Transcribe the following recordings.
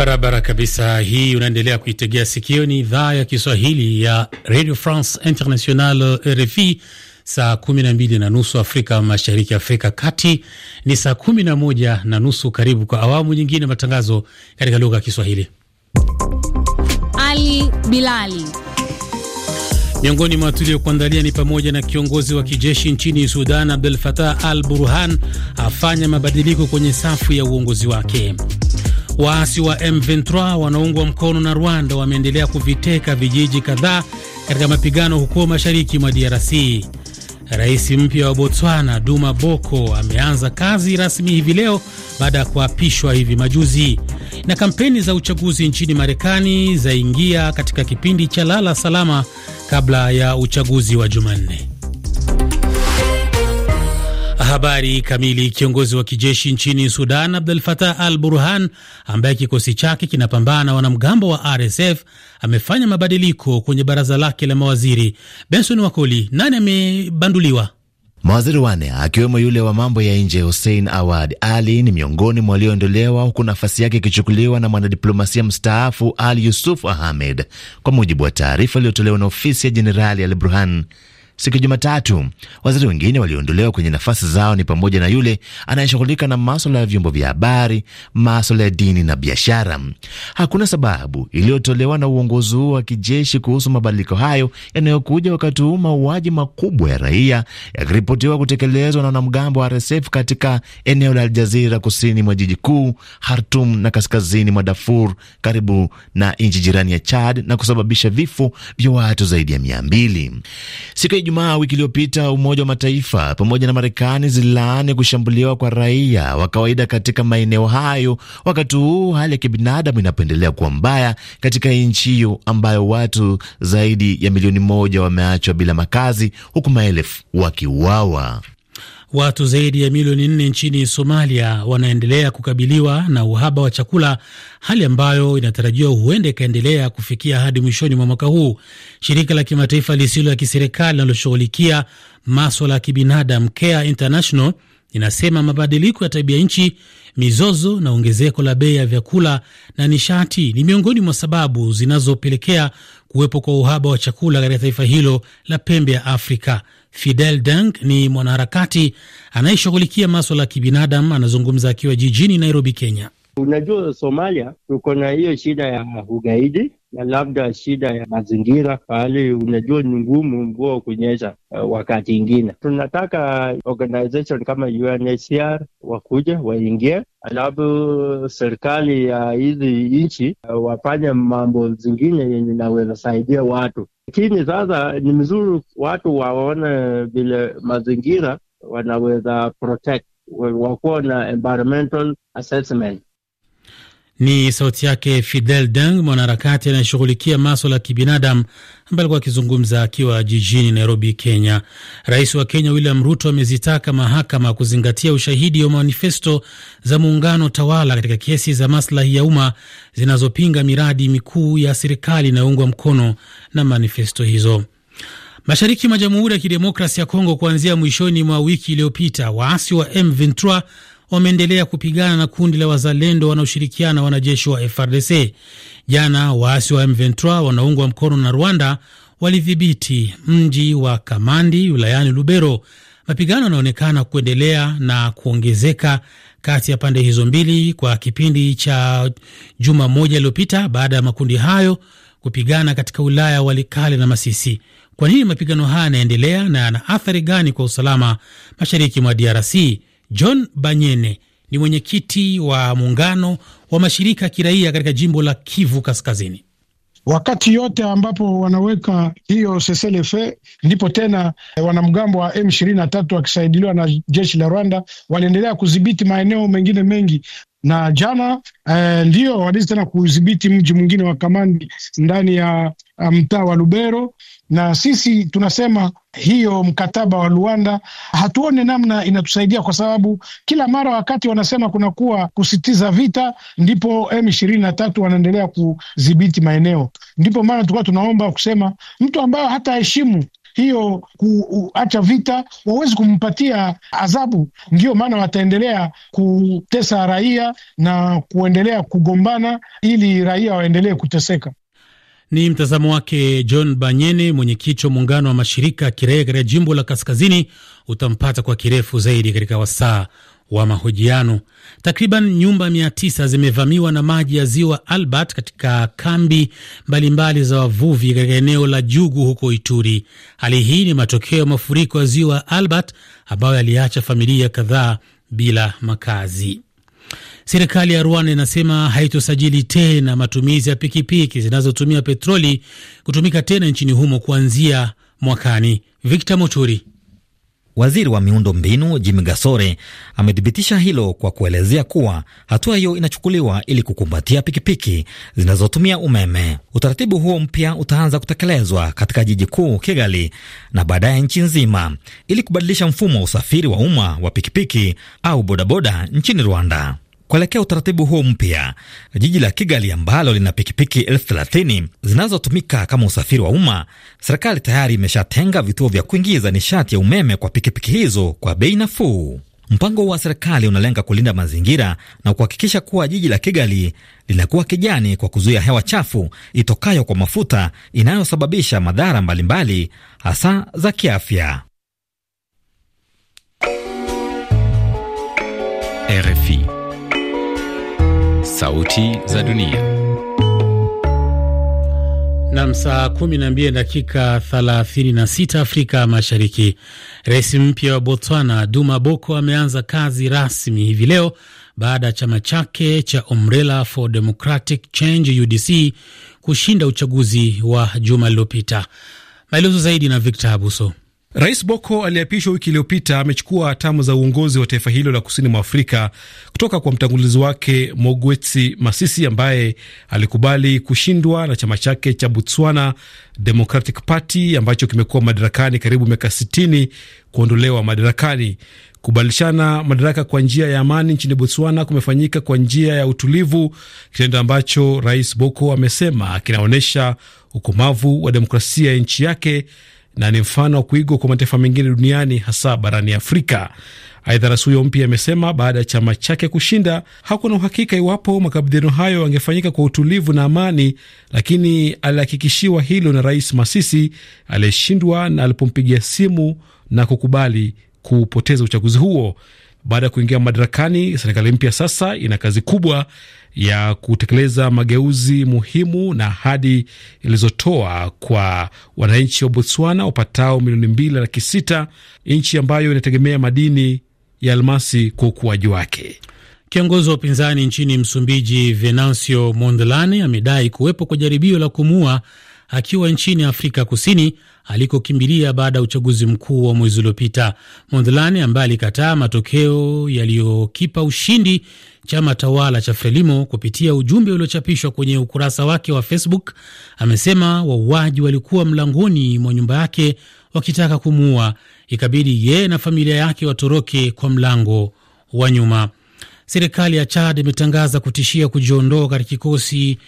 Barabara kabisa, hii unaendelea kuitegea sikio, ni idhaa ya Kiswahili ya Radio France International, RFI. Saa kumi na mbili na nusu Afrika Mashariki, Afrika Kati ni saa kumi na moja na nusu. Karibu kwa awamu nyingine matangazo katika lugha ya Kiswahili. Ali Bilali miongoni mwa tuliokuandalia ni pamoja na kiongozi wa kijeshi nchini Sudan abdul fatah al Burhan afanya mabadiliko kwenye safu ya uongozi wake. Waasi wa M23 wanaungwa mkono na Rwanda wameendelea kuviteka vijiji kadhaa katika mapigano huko mashariki mwa DRC. Rais mpya wa Botswana Duma Boko ameanza kazi rasmi hivi leo baada ya kuapishwa hivi majuzi. Na kampeni za uchaguzi nchini Marekani zaingia katika kipindi cha lala salama kabla ya uchaguzi wa Jumanne. Habari kamili. Kiongozi wa kijeshi nchini Sudan Abdul Fatah al Burhan, ambaye kikosi chake kinapambana na wanamgambo wa RSF, amefanya mabadiliko kwenye baraza lake la mawaziri. Benson Wakoli, nani amebanduliwa? Mawaziri wanne akiwemo yule wa mambo ya nje Hussein Awad Ali ni miongoni mwa walioondolewa, huku nafasi yake ikichukuliwa na mwanadiplomasia mstaafu Ali Yusuf Ahmed, kwa mujibu wa taarifa iliyotolewa na ofisi ya Jenerali Al Burhan siku ya Jumatatu. Waziri wengine walioondolewa kwenye nafasi zao ni pamoja na yule anayeshughulika na maswala ya vyombo vya habari, maswala ya dini na biashara. Hakuna sababu iliyotolewa na uongozi huo wa kijeshi kuhusu mabadiliko hayo yanayokuja wakati huu mauaji makubwa ya raia yakiripotiwa kutekelezwa na wanamgambo wa RSF katika eneo la Aljazira kusini mwa jiji kuu hartum na kaskazini mwa Darfur karibu na nchi jirani ya Chad na kusababisha vifo vya watu zaidi ya mia mbili siku Ijumaa wiki iliyopita, Umoja wa Mataifa pamoja na Marekani zililaani kushambuliwa kwa raia wa kawaida katika maeneo hayo, wakati huu hali ya kibinadamu inapoendelea kuwa mbaya katika nchi hiyo ambayo watu zaidi ya milioni moja wameachwa bila makazi, huku maelfu wakiuawa. Watu zaidi ya milioni nne nchini Somalia wanaendelea kukabiliwa na uhaba wa chakula, hali ambayo inatarajiwa huenda ikaendelea kufikia hadi mwishoni mwa mwaka huu. Shirika la kimataifa lisilo la kiserikali linaloshughulikia maswala ya kibinadamu Care International inasema mabadiliko ya tabia nchi, mizozo na ongezeko la bei ya vyakula na nishati ni miongoni mwa sababu zinazopelekea kuwepo kwa uhaba wa chakula katika taifa hilo la pembe ya Afrika. Fidel Deng ni mwanaharakati anayeshughulikia maswala ya kibinadamu, anazungumza akiwa jijini Nairobi, Kenya. Unajua Somalia tuko na hiyo shida ya ugaidi na labda shida ya mazingira, pahali unajua ni ngumu mvua kunyesha. Uh, wakati ingine tunataka organization kama UNHCR wakuja waingie, alafu serikali ya hizi nchi uh, wafanye mambo zingine yenye inaweza saidia watu. Lakini sasa ni mzuri watu waone vile mazingira wanaweza protect, wakuwa na environmental assessment ni sauti yake Fidel Deng, mwanaharakati anayeshughulikia maswala ya kibinadamu ambaye alikuwa akizungumza akiwa jijini Nairobi, Kenya. Rais wa Kenya William Ruto amezitaka mahakama kuzingatia ushahidi wa manifesto za muungano tawala katika kesi za maslahi ya umma zinazopinga miradi mikuu ya serikali inayoungwa mkono na manifesto hizo. Mashariki mwa Jamhuri ya Kidemokrasi ya Kongo, kuanzia mwishoni mwa wiki iliyopita, waasi wa M23 wameendelea kupigana na kundi la wazalendo wanaoshirikiana na wanajeshi wa FRDC. Jana waasi wa M23 wanaungwa mkono na Rwanda walidhibiti mji wa Kamandi wilayani Lubero. Mapigano yanaonekana kuendelea na kuongezeka kati ya pande hizo mbili kwa kipindi cha juma moja iliyopita baada ya makundi hayo kupigana katika wilaya Walikale na Masisi. Kwa nini mapigano haya yanaendelea na yana athari gani kwa usalama mashariki mwa DRC? John Banyene ni mwenyekiti wa muungano wa mashirika ya kiraia katika jimbo la Kivu Kaskazini. Wakati yote ambapo wanaweka hiyo SSLF ndipo tena eh, wanamgambo wa M23 wakisaidiliwa na jeshi la Rwanda waliendelea kudhibiti maeneo mengine mengi, na jana eh, ndio waliweza tena kudhibiti mji mwingine wa Kamandi ndani ya Uh, mtaa wa Lubero, na sisi tunasema hiyo mkataba wa Luanda hatuone namna inatusaidia, kwa sababu kila mara wakati wanasema kuna kuwa kusitiza vita, ndipo M ishirini na tatu wanaendelea kudhibiti maeneo. Ndipo maana tulikuwa tunaomba kusema mtu ambayo hata heshimu hiyo kuacha vita wawezi kumpatia adhabu. Ndiyo maana wataendelea kutesa raia na kuendelea kugombana ili raia waendelee kuteseka. Ni mtazamo wake John Banyene, mwenyekiti wa muungano wa mashirika ya kiraia katika jimbo la Kaskazini. Utampata kwa kirefu zaidi katika wasaa wa mahojiano. Takriban nyumba mia tisa zimevamiwa na maji ya ziwa Albert katika kambi mbalimbali mbali za wavuvi katika eneo la Jugu huko Ituri. Hali hii ni matokeo ya mafuriko ya ziwa Albert ambayo yaliacha familia kadhaa bila makazi. Serikali ya Rwanda inasema haitosajili tena matumizi ya pikipiki zinazotumia petroli kutumika tena nchini humo kuanzia mwakani. Victor Moturi. Waziri wa miundo mbinu Jimmy Gasore amethibitisha hilo kwa kuelezea kuwa hatua hiyo inachukuliwa ili kukumbatia pikipiki zinazotumia umeme. Utaratibu huo mpya utaanza kutekelezwa katika jiji kuu Kigali na baadaye nchi nzima ili kubadilisha mfumo wa usafiri wa umma wa pikipiki au bodaboda nchini Rwanda. Kuelekea utaratibu huo mpya, jiji la Kigali ambalo lina pikipiki elfu thelathini zinazotumika kama usafiri wa umma, serikali tayari imeshatenga vituo vya kuingiza nishati ya umeme kwa pikipiki hizo kwa bei nafuu. Mpango wa serikali unalenga kulinda mazingira na kuhakikisha kuwa jiji la Kigali linakuwa kijani kwa kuzuia hewa chafu itokayo kwa mafuta inayosababisha madhara mbalimbali hasa za kiafya. RFI Sauti za Dunia. Nam, saa 12 dakika 36 Afrika Mashariki. Rais mpya wa Botswana Duma Boko ameanza kazi rasmi hivi leo baada ya chama chake cha Umbrella for Democratic Change UDC kushinda uchaguzi wa juma lililopita. Maelezo zaidi na Victor Abuso. Rais Boko aliyeapishwa wiki iliyopita amechukua hatamu za uongozi wa taifa hilo la kusini mwa Afrika kutoka kwa mtangulizi wake Mogwetsi Masisi ambaye alikubali kushindwa na chama chake cha Botswana Democratic Party ambacho kimekuwa madarakani karibu miaka 60 kuondolewa madarakani. Kubadilishana madaraka kwa njia ya amani nchini Botswana kumefanyika kwa njia ya utulivu, kitendo ambacho Rais Boko amesema kinaonyesha ukomavu wa demokrasia ya nchi yake na ni mfano wa kuigwa kwa mataifa mengine duniani hasa barani Afrika. Aidha, rais huyo mpya amesema baada ya chama chake kushinda hakuna uhakika iwapo makabidhiano hayo yangefanyika kwa utulivu na amani, lakini alihakikishiwa hilo na Rais Masisi aliyeshindwa na alipompigia simu na kukubali kupoteza uchaguzi huo. Baada ya kuingia madarakani, serikali mpya sasa ina kazi kubwa ya kutekeleza mageuzi muhimu na ahadi ilizotoa kwa wananchi wa Botswana wapatao milioni mbili laki sita, nchi ambayo inategemea madini ya almasi kwa ukuaji wake. Kiongozi wa upinzani nchini Msumbiji, Venancio Mondlane, amedai kuwepo kwa jaribio la kumua akiwa nchini Afrika Kusini alikokimbilia baada ya uchaguzi mkuu wa mwezi uliopita. Mondlane ambaye alikataa matokeo yaliyokipa ushindi chama tawala cha Frelimo kupitia ujumbe uliochapishwa kwenye ukurasa wake wa Facebook amesema wauaji walikuwa mlangoni mwa nyumba yake wakitaka kumuua, ikabidi yeye na familia yake watoroke kwa mlango wa nyuma. Serikali ya Chad imetangaza kutishia kujiondoa katika kikosi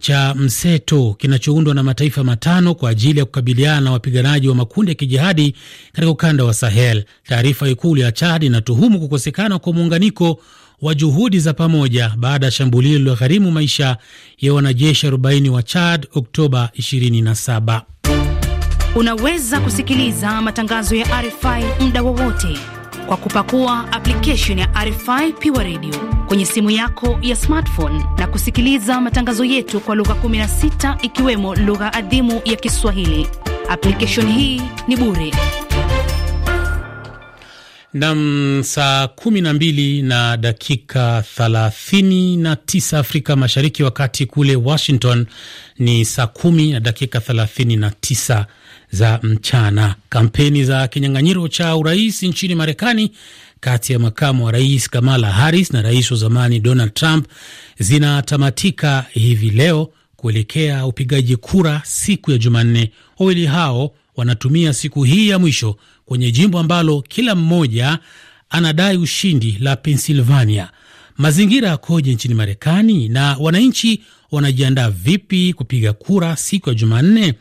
cha mseto kinachoundwa na mataifa matano kwa ajili ya kukabiliana na wapiganaji wa makundi ya kijihadi katika ukanda wa Sahel. Taarifa Ikulu ya Chad inatuhumu kukosekana kwa muunganiko wa juhudi za pamoja baada ya shambulio lililogharimu maisha ya wanajeshi 40 wa Chad Oktoba 27. Unaweza kusikiliza matangazo ya RFI muda wowote kwa kupakua application ya RFI Pure Radio kwenye simu yako ya smartphone na kusikiliza matangazo yetu kwa lugha 16 ikiwemo lugha adhimu ya Kiswahili. Application hii ni bure. Nam, saa 12 na dakika 39 Afrika Mashariki, wakati kule Washington ni saa 1 na dakika 39 za mchana. Kampeni za kinyang'anyiro cha urais nchini Marekani kati ya makamu wa rais Kamala Harris na rais wa zamani Donald Trump zinatamatika hivi leo kuelekea upigaji kura siku ya Jumanne. Wawili hao wanatumia siku hii ya mwisho kwenye jimbo ambalo kila mmoja anadai ushindi la Pennsylvania. Mazingira yakoje nchini Marekani na wananchi wanajiandaa vipi kupiga kura siku ya Jumanne?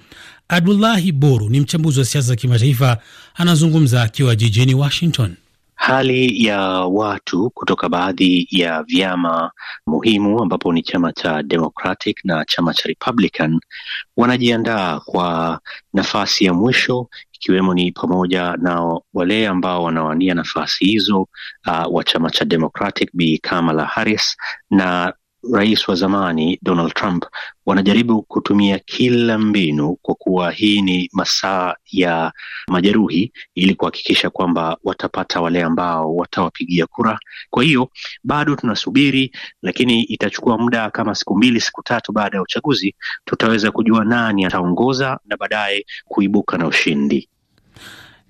Abdullahi Boru ni mchambuzi wa siasa za kimataifa, anazungumza akiwa jijini Washington. Hali ya watu kutoka baadhi ya vyama muhimu ambapo ni chama cha Democratic na chama cha Republican wanajiandaa kwa nafasi ya mwisho ikiwemo ni pamoja na wale ambao wanawania nafasi hizo uh, wa chama cha Democratic Bi Kamala Harris na rais wa zamani Donald Trump wanajaribu kutumia kila mbinu, kwa kuwa hii ni masaa ya majeruhi, ili kuhakikisha kwamba watapata wale ambao watawapigia kura. Kwa hiyo bado tunasubiri, lakini itachukua muda kama siku mbili, siku tatu baada ya uchaguzi, tutaweza kujua nani ataongoza na baadaye kuibuka na ushindi.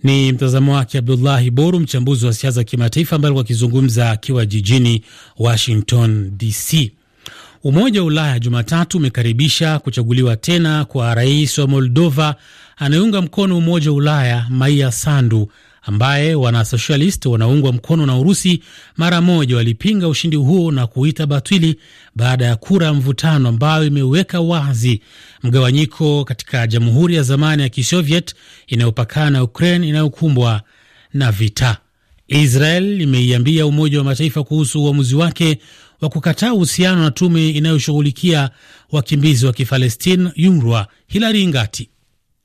Ni mtazamo wake Abdullahi Boru, mchambuzi wa siasa kimataifa, ambaye alikuwa akizungumza akiwa jijini Washington DC. Umoja wa Ulaya Jumatatu umekaribisha kuchaguliwa tena kwa rais wa Moldova anayeunga mkono Umoja wa Ulaya Maia Sandu, ambaye wanasosialisti wanaungwa mkono na Urusi mara moja walipinga ushindi huo na kuita batwili baada ya kura ya mvutano ambayo imeweka wazi mgawanyiko katika jamhuri ya zamani ya Kisoviet inayopakana na Ukraine inayokumbwa na vita. Israel imeiambia Umoja wa Mataifa kuhusu uamuzi wake wa kukataa uhusiano na tume inayoshughulikia wakimbizi wa Kifalestine yunrwa Hilari Ngati.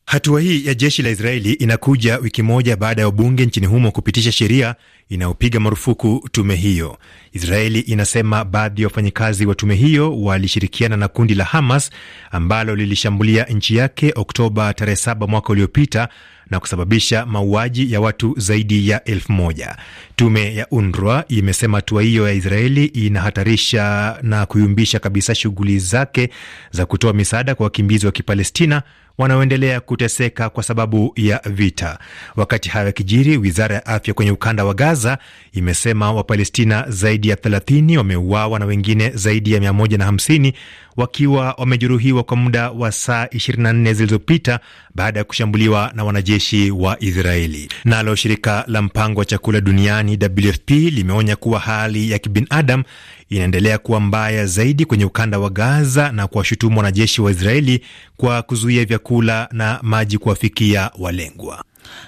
Hatua hii ya jeshi la Israeli inakuja wiki moja baada ya wabunge nchini humo kupitisha sheria inayopiga marufuku tume hiyo. Israeli inasema baadhi ya wafanyakazi wa tume hiyo walishirikiana na kundi la Hamas ambalo lilishambulia nchi yake Oktoba tarehe 7 mwaka uliopita na kusababisha mauaji ya watu zaidi ya elfu moja. Tume ya UNRWA imesema hatua hiyo ya Israeli inahatarisha na kuyumbisha kabisa shughuli zake za kutoa misaada kwa wakimbizi wa Kipalestina wanaoendelea kuteseka kwa sababu ya vita. Wakati hayo yakijiri, wizara ya afya kwenye ukanda wa Gaza imesema Wapalestina zaidi ya 30 wameuawa na wengine zaidi ya 150 wakiwa wamejeruhiwa kwa muda wa saa 24 zilizopita baada ya kushambuliwa na wanajeshi wa Israeli. Nalo shirika la mpango wa chakula duniani WFP limeonya kuwa hali ya kibinadamu inaendelea kuwa mbaya zaidi kwenye ukanda wa Gaza na kuwashutumu wanajeshi wa Israeli kwa kuzuia vyakula na maji kuwafikia walengwa.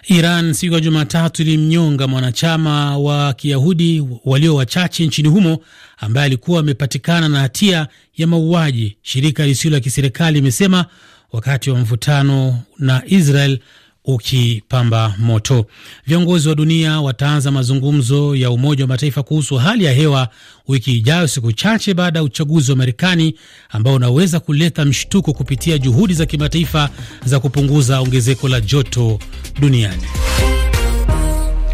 Iran siku ya Jumatatu ilimnyonga mwanachama wa Kiyahudi walio wachache nchini humo ambaye alikuwa amepatikana na hatia ya mauaji, shirika lisilo la kiserikali imesema wakati wa mvutano na Israel ukipamba moto. Viongozi wa dunia wataanza mazungumzo ya Umoja wa Mataifa kuhusu hali ya hewa wiki ijayo, siku chache baada ya uchaguzi wa Marekani ambao unaweza kuleta mshtuko kupitia juhudi za kimataifa za kupunguza ongezeko la joto duniani.